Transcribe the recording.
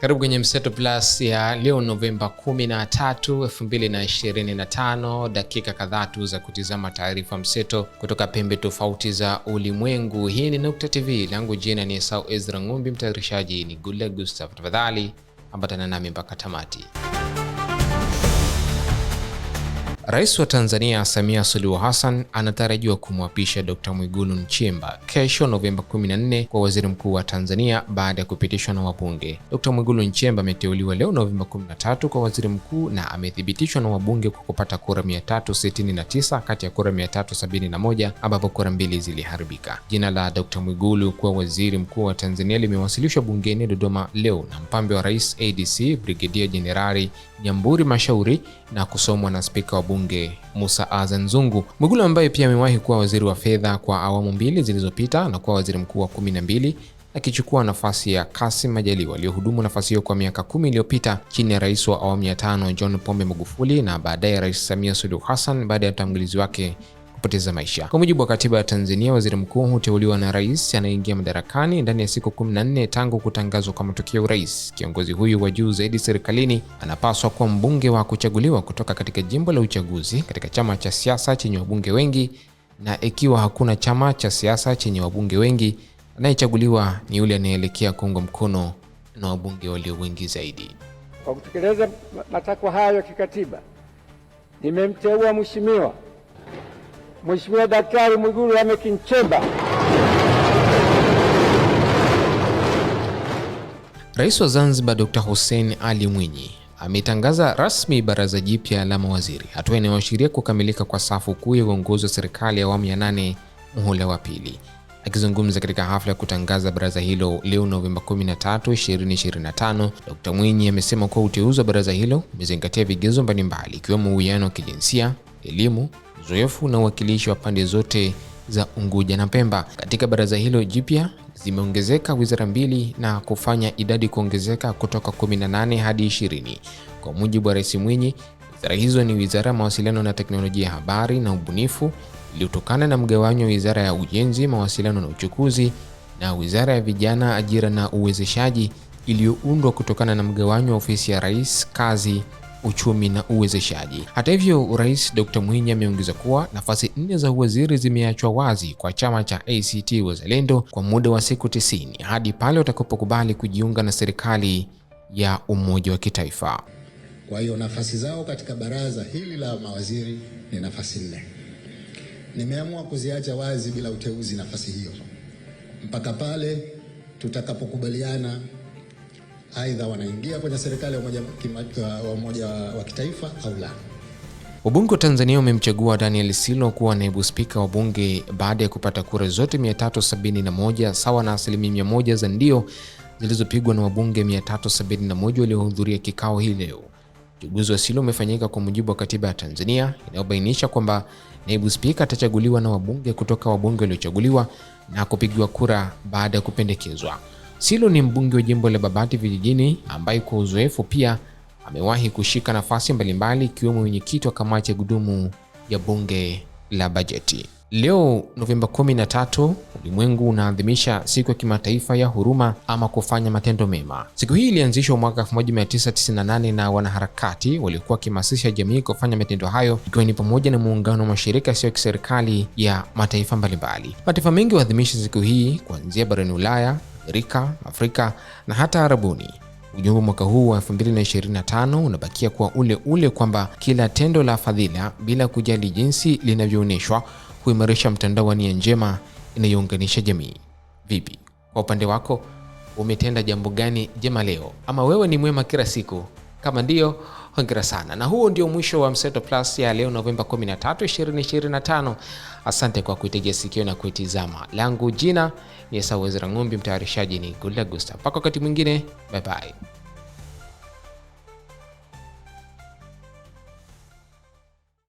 Karibu kwenye Mseto Plus ya leo Novemba 13, 2025. Dakika kadhaa tu za kutizama taarifa mseto kutoka pembe tofauti za ulimwengu. Hii ni Nukta TV, langu jina ni Sau Ezra Ngumbi, mtayarishaji ni Gule Gustav. Tafadhali ambatana nami mpaka tamati. Rais wa Tanzania Samia Suluhu Hassan anatarajiwa kumwapisha Dkt. Mwigulu Nchemba kesho Novemba 14 kwa waziri mkuu wa Tanzania baada ya kupitishwa na wabunge. Dkt. Mwigulu Nchemba ameteuliwa leo Novemba 13 kwa waziri mkuu na amethibitishwa na wabunge kwa kupata kura 369 kati ya kura 371 ambapo kura mbili ziliharibika. Jina la Dkt. Mwigulu kuwa waziri mkuu wa Tanzania limewasilishwa bungeni Dodoma leo na mpambe wa Rais ADC Brigedia Jenerali Nyamburi Mashauri na kusomwa na spika wa bunge bunge Musa Azan Zungu. Mwigulu ambaye pia amewahi kuwa waziri wa fedha kwa awamu mbili zilizopita na kuwa waziri mkuu wa kumi na mbili akichukua nafasi ya Kassim Majaliwa aliyohudumu nafasi hiyo kwa miaka kumi iliyopita chini ya rais wa awamu ya tano John Pombe Magufuli na baadaye Rais Samia Suluhu Hassan baada ya utangulizi wake kupoteza maisha. Kwa mujibu wa katiba ya Tanzania, waziri mkuu huteuliwa na rais anayeingia madarakani ndani ya siku 14 tangu kutangazwa kwa matokeo ya urais. Kiongozi huyu wa juu zaidi serikalini anapaswa kuwa mbunge wa kuchaguliwa kutoka katika jimbo la uchaguzi katika chama cha siasa chenye wabunge wengi, na ikiwa hakuna chama cha siasa chenye wabunge wengi, anayechaguliwa ni yule anayeelekea kuungwa mkono na wabunge walio wengi zaidi. Kwa kutekeleza matakwa hayo ya kikatiba, nimemteua mheshimiwa Mheshimiwa Daktari Mwigulu Lameck Nchemba. Rais wa Zanzibar Dr. Hussein Ali Mwinyi ametangaza rasmi baraza jipya la mawaziri, hatua inayoashiria kukamilika kwa safu kuu ya uongozi wa serikali ya awamu ya nane muhula wa pili. Akizungumza katika hafla ya kutangaza baraza hilo leo Novemba 13, 2025, Dkt. Mwinyi amesema kuwa uteuzi wa baraza hilo umezingatia vigezo mbalimbali ikiwemo uwiano wa kijinsia, elimu, uzoefu na uwakilishi wa pande zote za Unguja na Pemba. Katika baraza hilo jipya zimeongezeka wizara mbili na kufanya idadi kuongezeka kutoka 18 hadi 20. Kwa mujibu wa Rais Mwinyi, wizara hizo ni wizara ya mawasiliano na teknolojia ya habari na ubunifu iliyotokana na mgawanyo wa wizara ya ujenzi, mawasiliano na uchukuzi na wizara ya vijana, ajira na uwezeshaji iliyoundwa kutokana na mgawanyo wa ofisi ya Rais, kazi uchumi na uwezeshaji. Hata hivyo, Rais Dr. Mwinyi ameongeza kuwa nafasi nne za uwaziri zimeachwa wazi kwa chama cha ACT Wazalendo kwa muda wa siku tisini hadi pale watakapokubali kujiunga na serikali ya umoja wa kitaifa. Kwa hiyo nafasi zao katika baraza hili la mawaziri ni nafasi nne. Nimeamua kuziacha wazi bila uteuzi nafasi hiyo mpaka pale tutakapokubaliana aidha wanaingia kwenye serikali ya umoja wa, umoja wa kitaifa au la. Wabunge wa Tanzania wamemchagua Daniel silo kuwa naibu spika wa bunge baada ya kupata kura zote 371 sawa na asilimia 100 za ndio zilizopigwa na wabunge 371 waliohudhuria kikao hii leo. Uchaguzi wa silo umefanyika kwa mujibu wa katiba ya Tanzania inayobainisha kwamba naibu spika atachaguliwa na wabunge kutoka wabunge waliochaguliwa na kupigiwa kura baada ya kupendekezwa. Silo ni mbunge wa jimbo la Babati Vijijini ambaye kwa uzoefu pia amewahi kushika nafasi mbalimbali ikiwemo mwenyekiti wa kamati ya kudumu ya bunge la bajeti. Leo Novemba 13, ulimwengu unaadhimisha siku ya kimataifa ya huruma ama kufanya matendo mema. Siku hii ilianzishwa mwaka 1998 na wanaharakati waliokuwa wakihamasisha jamii kufanya matendo hayo, ikiwa ni pamoja na muungano wa mashirika yasiyo ya kiserikali ya mataifa mbalimbali. Mataifa mengi huadhimisha siku hii kuanzia barani Ulaya, Amerika, Afrika na hata Arabuni. Ujumbe mwaka huu wa 2025 unabakia kuwa ule ule kwamba kila tendo la fadhila, bila kujali jinsi linavyoonyeshwa, huimarisha mtandao wa nia njema inayounganisha jamii. Vipi kwa upande wako, umetenda jambo gani jema leo? Ama wewe ni mwema kila siku? Kama ndiyo Hongera sana, na huo ndio mwisho wa Mseto Plus ya leo Novemba 13, 2025. Asante kwa kuitegea sikio na kuitizama. Langu jina ni Esau Wezira Ng'umbi, mtayarishaji ni Gulda Gusta. Mpaka wakati mwingine, bye bye.